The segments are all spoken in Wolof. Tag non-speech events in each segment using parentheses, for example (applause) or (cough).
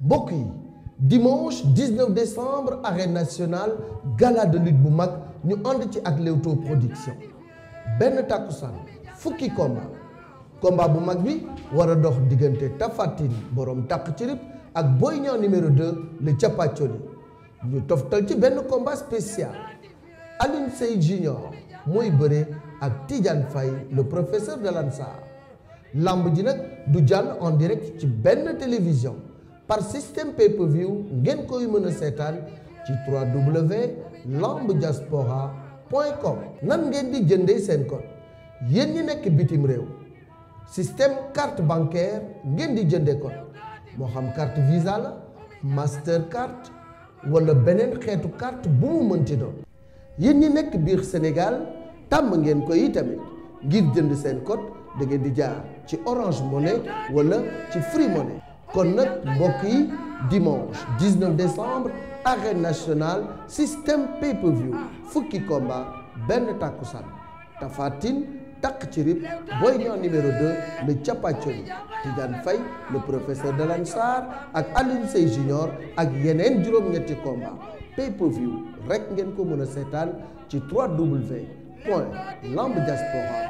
mbokk yi dimanche 19 décembre arène nationale gala de lutte bu mag ñu ànd ci ak Leewtoo production benn takkusaan fukki combat combat bu mag bi war dox diggante Tapha Tine borom takk cirib ak Boy Niang numéro 2 le Chapacholi ñu toftal ci benn combat spécial Alioune Seye Junior mooy bëre ak Tidiane fay le professeur de l'Ansar lamb ji nag du jàll en direct ci benn télévision par système pay-per-view ngeen koy mën a seetaan ci 3w lambdiaspora point com nan ngeen di jëndee seen code yéen ñi nekk bitim réew système carte bancaire ngeen di jëndee code moo xam carte visa la mastercard wala beneen xeetu carte bu mu mënti doon yéen ñi nekk biir Sénégal tàmm ngeen koy itamit ngir jënd seen code da ngeen di jaar ci Orange Money wala ci Free Money kon nag mbokk yi dimanche 19 décembre arène nationale système pay per fukki komba benn tàkku Tapha Tine takk ci rib Boy Niang numéro 2 le capachoni Tidiane Faye le professeur de Lansar ak Alioune Seye Junior ak yeneen juróom-ñetti combat pay per rek ngeen ko mën a seetaan ci 3W point lambdiaspora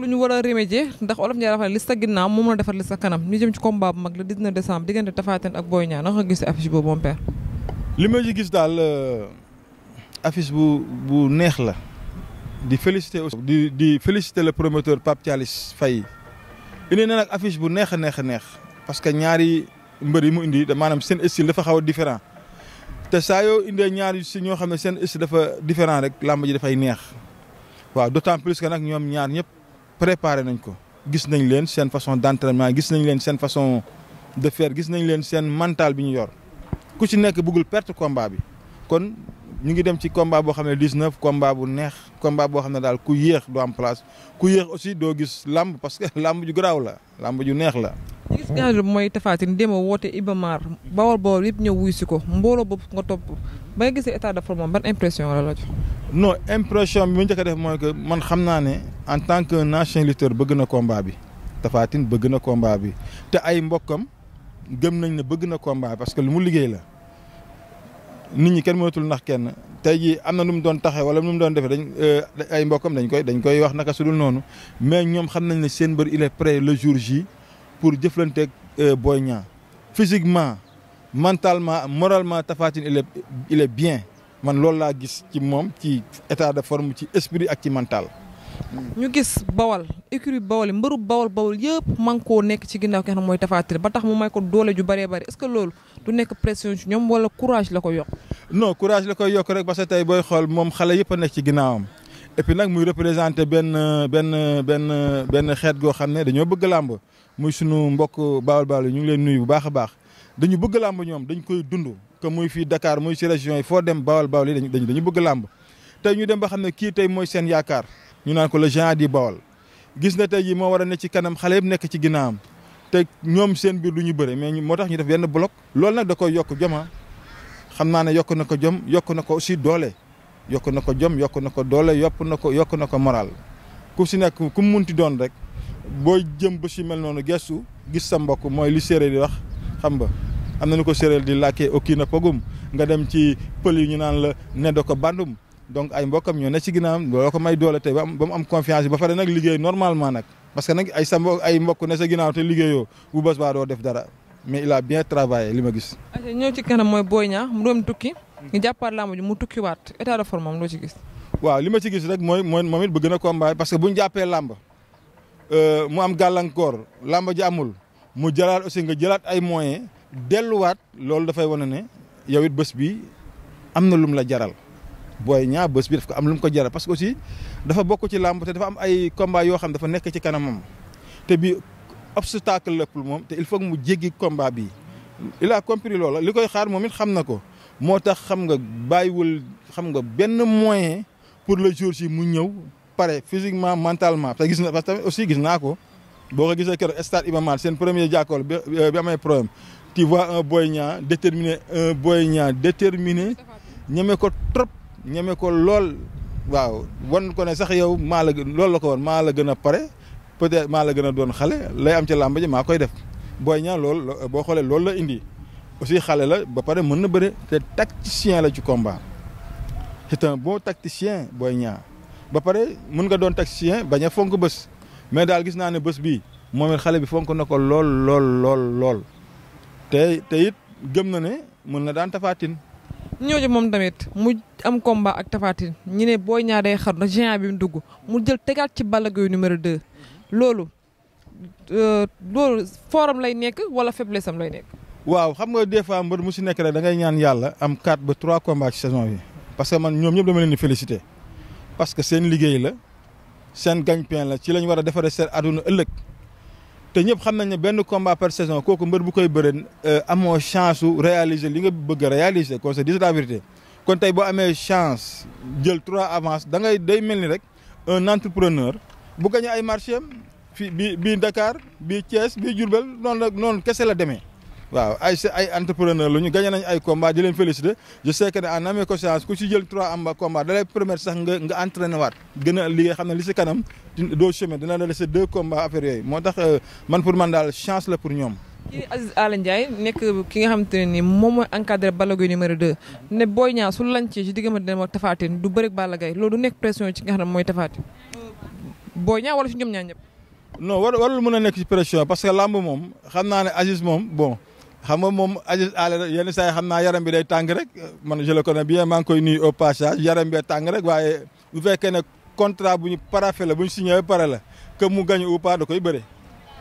lu ñu war a remédier ndax olof Ndiaye dafa ne li sa ginnaaw moom la defar li sa kanam ñu jëm ci combat bu mag le 19 décembre diggante Tapha Tine ak Boy Niang gis li ma ci gis daal euh, affiche bu bu neex la. di félicité aussi di di féliciter le promoteur Pape Thialis Faye indi na nag affiche bu neex a neex a neex parce que ñaari mbër yi mu indi maanaam seen style dafa xaw a différent te saa yoo indee ñaari si ñoo xam ne seen style dafa différent rek làmb ji dafay neex waaw d'autant plus que nag ñoom ñaar ñëpp. préparé nañ ko gis nañ leen seen façon d'entraînement gis nañ leen seen façon de faire gis nañ leen seen mantal bi ñu yor ku ci nekk bëggul perte combat bi kon ñu ngi dem ci combat boo xam ne dix-neuf combat bu neex combat boo xam ne daal ku yéex doo am place ku yéex aussi doo gis làmb parce que (laughs) làmb ju garaaw la làmb ju neex la. gis nga mooy Tapha Tine démb woote Iba Mar bawol bawol yëpp ñëw wuy si ko mbooloo boobu nga topp ba nga gisee état de forme ban impression la la jox. non impression man xam naa ne. en tant que un ancien bëgg na komba bi tafaatin bëgg na combat bi te ay mbokkam gëm nañ ne bëgg na combat parce que lu mu liggéey la nit ñi kenn mënatul ndax kenn tey jii am na nu mu doon taxee wala nu mu doon defee dañ euh, ay mbokkam dañ koy dañ koy wax naka su noonu mais ñoom xam nañ ne seen mbër il est prêt le jour J pour jëflanteeg euh, Boy Niang physiquement mentalement moralement Tapha Tine il est bien man loolu laa gis ci moom ci état de forme ci esprit ak ci mental. ñu gis bawal écurie bawal yi mbëru bawal bawal yëpp man koo nekk ci ginnaaw kenn mooy Tapha ba tax mu may ko doole ju bëree bëri est-ce que loolu du nekk pression ci ñoom wala courage la ko yokk non courage la koy yokk rek parce que tey booy xool moom xale yëpp a nekk ci ginnaawam et nag muy représenté benn benn benn benn xeet goo xam ne dañoo bëgg làmb muy sunu mbokk bawal bawal yi ñu ngi leen nuyu bu baax a baax dañu bëgg làmb ñoom dañ koy dund que muy fii Dakar muy si région yi foo dem bawal bawal yi dañu bëgg làmb tey ñu dem ba xam ne kii tey mooy seen yaakaar ñu naan ko la géant di Bawol gis na tey jii moo war a ne ci kanam xale yëpp nekk ci ginnaawam te ñoom seen biir du ñu bëre mais moo tax ñu def yenn bloc. loolu nag da koy yokk joma ah. xam naa ne yokk na ko jom yokk na ko aussi doole yokk na ko jom yokk na ko doole yopp na ko yokk na ko moral ku si nekk ku mun munti doon rek booy jëm ba si mel noonu gestu gis sa mbokk mooy li séeréer yi wax xam nga am na nu ko séeréer di làkkee na pogum nga dem ci pël yi ñu naan la ne da ko bandum donc ay mbokkam ñoo ne ci ginnaawam looloo ko may doole tey ba mu am confiance ba pare nag liggéey normalement nag parce que nag ay sa ay mbokk ne sa ginnaaw te liggéeyoo bu bés baa doo def dara mais il a bien travaillé li ma gis. ñëw ci kanam mooy Boy Niang mu doon tukki. ñu jàppaat làmb mu tukkiwaat état de am loo ci gis. waaw li ma ci gis rek mooy mooy moom it bëgg na combat parce que bu ñu jàppee euh, mu am gàllankoor làmb ji mu jëlaat aussi nga jëlaat ay moyens delluwaat loolu dafay wane ne yow it bés bi am na lum la jaral. booy ñaa bés ko am lu mu ko jaral parce que aussi dafa bokk ci làmb te dafa am ay combat yoo xam dafa nekk ci kanamam te bi obstacle la pour moom te il faut mu jéggi combat bi il a compris loola li koy xaar moom it xam na ko moo tax xam nga bàyyiwul xam nga benn moyen pour le jour si mu ñëw pare physiquement mentalement te gis na parce que aussi gis naa ko boo ko gisee keroog stade Iba Mar seen premier jàkkool bi bi amee problème tu vois un Boy Niang déterminé un Boy ñeme ko ñeme ko lool waaw wan ko ne sax yow maa la gën loolu la ko woon maa la gën a pare peut-être maa la gën a doon xale lay am ci làmb ji maa koy def booy ñaa lool boo xoolee loolu la indi aussi xale la ba pare mën na bëre te tacticien la ci combat c'est un bon tacticien booy ñaa ba pare mën nga doon tacticien bañ a fonk bës mais daal gis naa ne bés bii moom it xale bi fonk na ko lool lool lool lool te te it gëm na ne mën na daan tafaatin ñooñu moom tamit mu am combat ak Tapha Tine ñu ne booy ñaaree day xar na géant bi mu dugg mu jël tegaat ci Balla Gaye numéro 2 loolu euh, loolu forum lay nekk wala faiblesse am lay nekk. waaw xam nga des fois mbër mu si nekk rek da ngay ñaan yàlla am 4 ba 3 combats ci saison bi parce que man ñoom ñëpp dama leen di féliciter parce que seen liggéey la seen gagne-pain la ci lañ war a defaree seen àdduna ëllëg. te ñëpp xam nañ ne benn combat par saison kooku mbër bu koy bëre euh, amoo chance su réaliser li nga bëgg a réaliser kon c'est la kon tey boo amee chance jël trois avance da ngay day mel ni rek un entrepreneur bu gagné ay marché am fii bii bii Dakar bii Thiès bii Diourbel noonu la noonu kese la demee. waaw ay ay entrepreneur la ñu gagné nañ ay combat di leen féliciter je sais que ne en amee conscience ku ci jël trois am combat dalay permettre sax nga nga waat gën a liggéey xam ne li ci kanam doo chemin dina la laisser deux combats affaire yooyu moo tax euh, man pour man daal chance la pour ñoom. kii Aziz nekk ki nga xamante ne nii moom mooy encadré Balla Gaye numéro 2 ne booy Niang su lancee ci diggante ne ma Tapha Tine du bëreeg Balla Gaye loolu du nekk pression ci nga xam ne mooy Tapha Tine Boy Niang wala ci ñoom ñaar a nekk ci pression parce que lamb moom xam naa ne Aziz moom bon. xam nga moom Aziz Aly yenn saa xam naa yaram bi day tàng rek man je le connais bien maa ngi koy nuyu au passage yaram bi tàng rek waaye bu fekkee ne contrat bu ñu parafé la bu ñu signé ba pare la que mu gañu ou pas da koy bëre.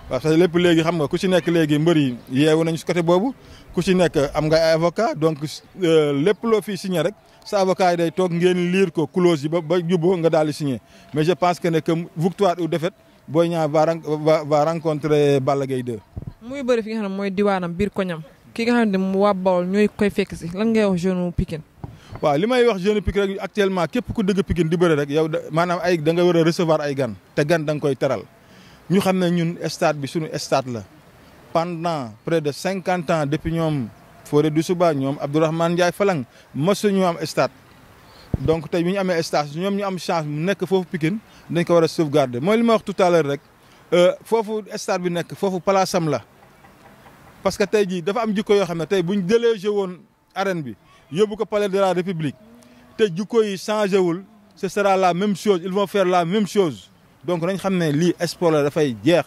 parce que lépp léegi xam nga ku si nekk léegi mbër yi yeewu nañu ci côté boobu ku si nekk am nga ay avocat donc euh, lépp loo fiy signé rek sa avocat yi day toog ngeen liir ko clause yi ba ba juboo nga daal di signé mais je pense que ne que victoire ou défaite Boy Niang va va rencontrer Balla Gaye 2 muy bëri fi nga xam ne mooy diwaanam biir koñam ki nga xam ne mu waa Bawol ñooy koy fekk si lan ngay wax jeune Pikine waa li may wax jeune Pikine rek actuellement képp ku dëgg Pikine di bëri rek yow maanaam ay da nga war a recevoir ay gan te gan danga koy teral ñu xam ne ñun stade bi suñu stade la pendant près de cinquante ans depuis ñoom Fodé Doussouba ñoom Abdourahmane Ndiaye Falang masuñu am stade donc te bi ñu amee stade ñoom ñu am chance mu nekk foofu Pikine dañ ko war a sauvegarder mooy li ma wax tout à rek Euh, foofu stade bi nekk foofu palaasam la parce que tey jii dafa am jikko yoo xam ne tey buñ délégé woon arène bi yóbbu ko palais de la république te jikko yi changé wul ce sera la même chose ils vont faire la même chose donc nañ xam ne lii sport la dafay jeex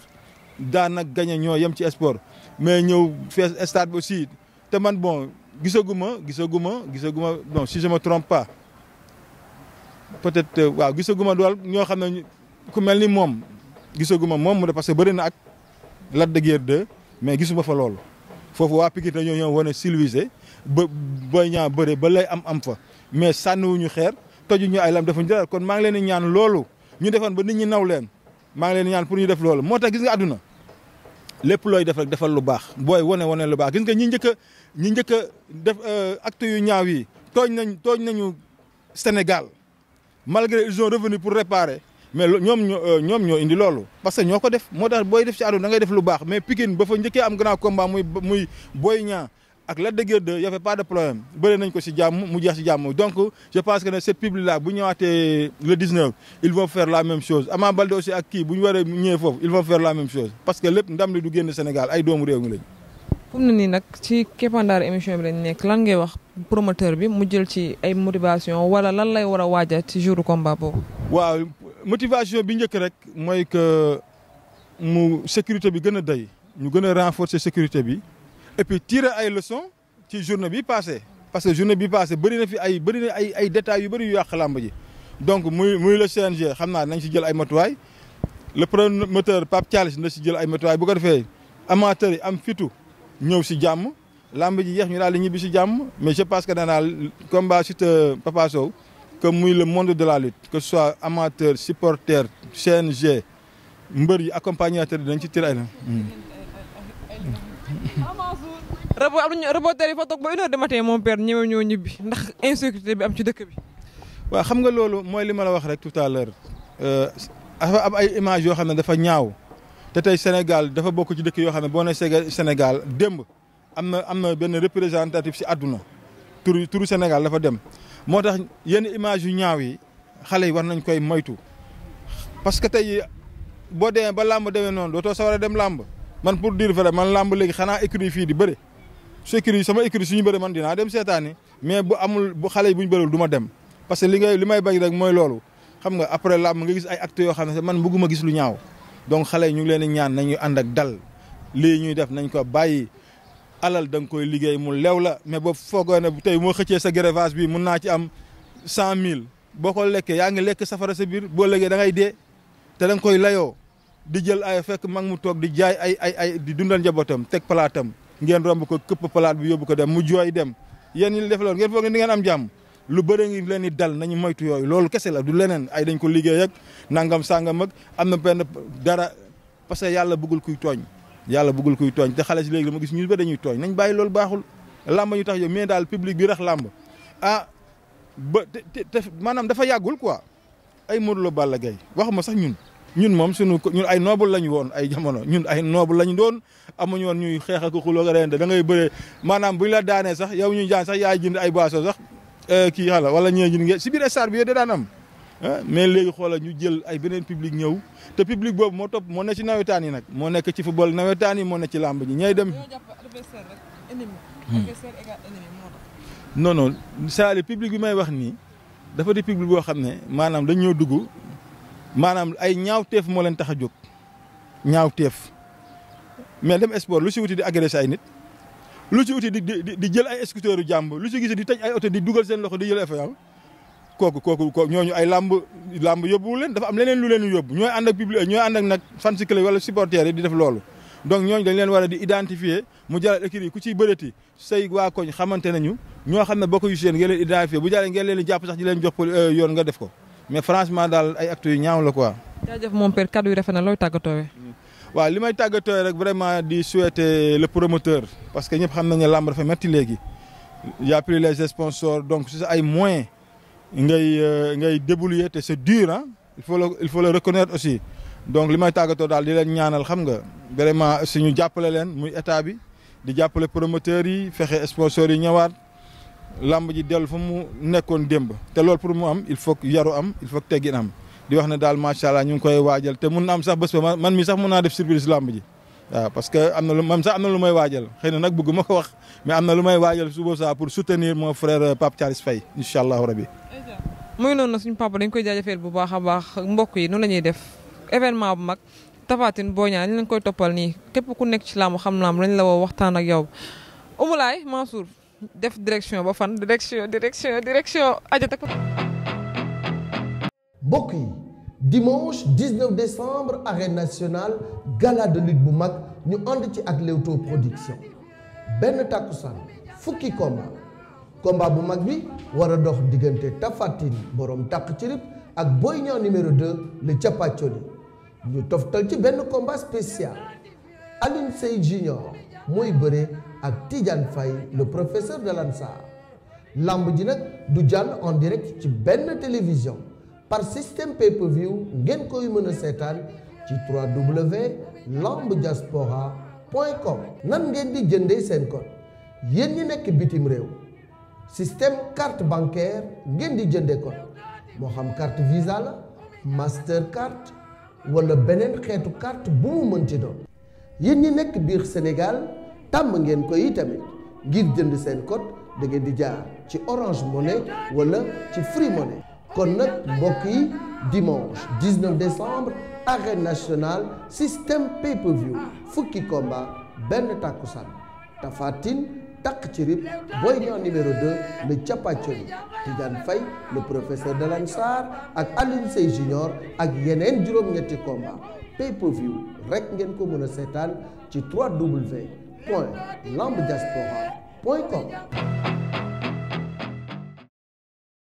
daanaka gañe ñoo yem ci sport mais ñëw fees stade bi aussi te man bon gisaguma gisaguma gisaguma non si je me trompe pas peut-être euh, waaw gisaguma dool ñoo xam ne ku mel ni moom gisaguma moom mu de parce que bëri na ak Lac de Guiers 2 mais gisuma fa loolu foofu waa Pikine dañoo ñëw wane civilisé ba booy Niang bëre ba lay am am fa mais sànniwuñu xeer tojuñu ay lam defuñu dara kon maa ngi leen di ñaan loolu ñu defoon ba nit ñi naw leen maa ngi leen di ñaan pour ñu def loolu moo tax gis nga àdduna lépp looy def rek defal lu baax booy wane wane lu baax gis nga ñi njëkk a ñi njëkk a def euh, acte yu ñaaw yi tooñ nañ tooñ nañu Sénégal malgré ils ont revenu pour réparer mais ñoom ñoo euh, ñoom ñoo indi loolu parce que ñoo ko def moo tax booy def ci ngay def lu baax mais Pikine ba fa njëkkee am grand combat muy muy Boy Niang ak Lac de Guiers 2 pas de problème bëri nañ ko ci jàmm mu a ci jàmm donc je pense que ne cette public là bu ñëwaatee le 19 ils vont faire la même chose Ama Baldé aussi ak kii ñu waree ñëwee foofu ils vont faire la même chose parce que lépp ndam li du génn Sénégal ay doomu réew mi lañ. fu mu ne nii nag ci képpandaar émission bi lañ nekk lan ngay wax promoteur bi mu jël ci ay motivation wala lan lay war a waajal ci jour combat boobu. motivation bi njëkk rek mooy que mu sécurité bi gën a day ñu gën a renforcer sécurité bi et puis tirer ay leçons ci journée bi passé parce que journée bi passé bëri na fi ay bëri na ay ay détails yu bëri yu yàq làmb ji donc muy muy le CNG xam naa nañ ci jël ay matuwaay le promoteur Pape Thialis na si jël ay matuwaay boo ko defee amateurs yi am fitu ñëw si jàmm làmb ji yeex ñu daal di ñibbi si jàmm mais je pense que nee naa combat Siteu Papa Sow que muy le monde de la lutte que ce soit amateur supporter CNG mbër yi accompagnateur yi dañ ci tir ay la. rebo am nañu reporter yi fa toog ba une heure du matin moom père ñëwee ñoo ñibbi ndax insécurité bi am ci dëkk bi. waaw xam nga loolu mooy li ma la wax rek tout à l'heure euh, afa am ay images yoo xam ne dafa ñaaw te tey Sénégal dafa bokk ci dëkk yoo xam ne boo nee Sénégal démb am na am na benn représentative si àdduna turu turu Sénégal dafa dem. moo tax yenn image yu ñaaw yi xale yi war nañ koy moytu parce que tey boo demee ba làmb demee noonu dootoo sa war a dem làmb man pour diir vrai man làmb léegi xanaa écurie fii di bëri su écurie sama écurie ñu bëri man dinaa dem seetaani mais bu amul bu xale yi buñ bërul du ma dem parce que li ngay li may bañ rek mooy loolu xam nga après làmb nga gis ay actes yoo xam ne man bëgguma gis lu ñaaw donc xale yi ñu ngi leen ñaan nañuy ànd ak dal lii ñuy def nañ ko bàyyi alal da koy liggéey mu lew la mais ba foogoo ne tey moo xëccee sa greffage bi mun naa ci am cent mille boo ko lekkee yaa ngi lekk safara sa biir boo léegee da ngay dee te da koy layoo di jël ay fekk mag mu toog di jaay ay ay ay di dundal njabootam teg palaatam ngeen romb ko këpp palaat bi yóbbu ko dem mu jooy dem yen ñi def loolu ngeen foog ne di ngeen am jàmm lu bëri ngi leen di dal nañu moytu yooyu loolu kese la du leneen ay dañ ko liggéeyak nangam sàngam ak am na benn dara parce que yàlla bëggul kuy tooñ yàlla bëggul kuy tooñ te xale si léegi dama gis ñu ba dañuy tooñ nañ bàyyi loolu baaxul làmb ñu tax yow mais daal public bi rax làmb a ah ba te maanaam dafa yàggul quoi ay Modou Lo Balla Gaye waxuma sax ñun ñun moom suñu ñun ay noble lañu woon ay jamono ñun ay noble lañu doon amuñu woon ñuy xeex ak xuloo ak reyante da ngay bëree maanaam buñ la daanee sax yow ñu jaan sax yaay jënd ay boissons sax euh, kii xala wala ñee jënd ngeen si biir stade bi yooyu da daan am Ah, mais léegi xoolal ñu jël ay beneen public ñëw te public boobu moo topp moo ne ci nawetaan yi nag moo nekk ci football nawetaan yi moo ne ci làmb ji ñay dem. Hmm. non non saa li public bi may wax nii dafa di public boo xam ne maanaam dañ ñoo dugg maanaam ay ñaaw ñaawteef moo leen tax a jóg teef mais dem sport lu si wuti di agressé ay nit. lu ci uti di di di jël ay scooters yu jàmb lu ci gis di tëj ay oto di dugal seen loxo di jël effet kooku kooku kooku ñooñu ay làmb làmb yóbbuwul leen dafa am leneen lu leen yóbbu ñooy ànd ak public ñooy ànd ak nag fan si club wala supporters yi di def loolu. donc ñooñu dañ leen war a di identifier mu jaral écurie yi ku ciy bëreeti say waa koñ xamante nañu ñoo xam ne boo ko yuseen ngeen leen identifier bu jaaree ngeen leen jàpp sax di leen jox euh, yoon nga def ko mais franchement daal ay actes yi rafet na li may tàggatoo rek vraiment di souhaiter le promoteur a plus les sponsors donc ngay euh, ngay débrouiller te c'est dur ah il faut le il aussi donc li may tàggatoo daal di leen ñaanal xam nga vraiment si ñu jàppale leen muy état bi di jàppale promoteurs yi fexe sponsors yi ñëwaat làmb ji dellu fa mu nekkoon démb te loolu pour mu am il faut que yaru am il faut teggin am di wax ne daal macha allah ñu ngi koy waajal te mun na am sax bés ba man mi sax mun naa def surprise làmb ji. parce que am na lu man sax am na lu may waajal xëy na nag bëgguma ko wax mais am na lu may waajal suba saa pour soutenir mon frère euh, Pape Thialis Faye incha allahu rabi. muy noonu suñu papa dañ koy jaajëfeel bu baax a baax mbokk yi noonu la ñuy def événement bu mag Tapha Tine Boy Niang ñu lañ koy toppal nii képp ku nekk ci laamu xam laam lañ la woo waxtaan ak yow Oumulaay Mansour def direction ba fan direction direction direction ajata ko mbokk yi dimanche 19 décembre arène nationale gala de lutte bu mag ñu ànd ci ak Leewtoo production benn takkusaan combat bu mag bi wara dox diggante Tapha borom takk cirib ak Boy Niang numéro 2 le capacoli ñu toftal ci benn combat spécial Alioune Seye Junior mooy bëre ak Tidiane fay le professeur de l'Ansar lamb ji nag du jànn en direct ci benn télévision par système pay-per-view ngeen koy mën a seetaan ci 3w lambdiaspora point com nan ngeen di jëndee seen code yéen ñi nekk bitim réew système carte bancaire ngeen di jëndee ko moo xam carte visa la master carte wala beneen xeetu carte bu mu mënti doon yéen ñi nekk biir Sénégal tàmm ngeen ko yi tamit ngir jënd seen code da ngeen di jaar ci Orange Money wala ci Free Money kon nag mbokk yi dimanche 19 décembre arène nationale système pay-per-view fukki combat benn takkusaan Tapha Tine takk ci rib Boy Niang numéro 2 le Thiapathiori Tidiane Faye le professeur de Lansar ak Alioune Seye Junior ak yeneen juróom-ñetti combat pay per view rek ngeen ko mën a seetaan ci 3w point lambdiaspora point com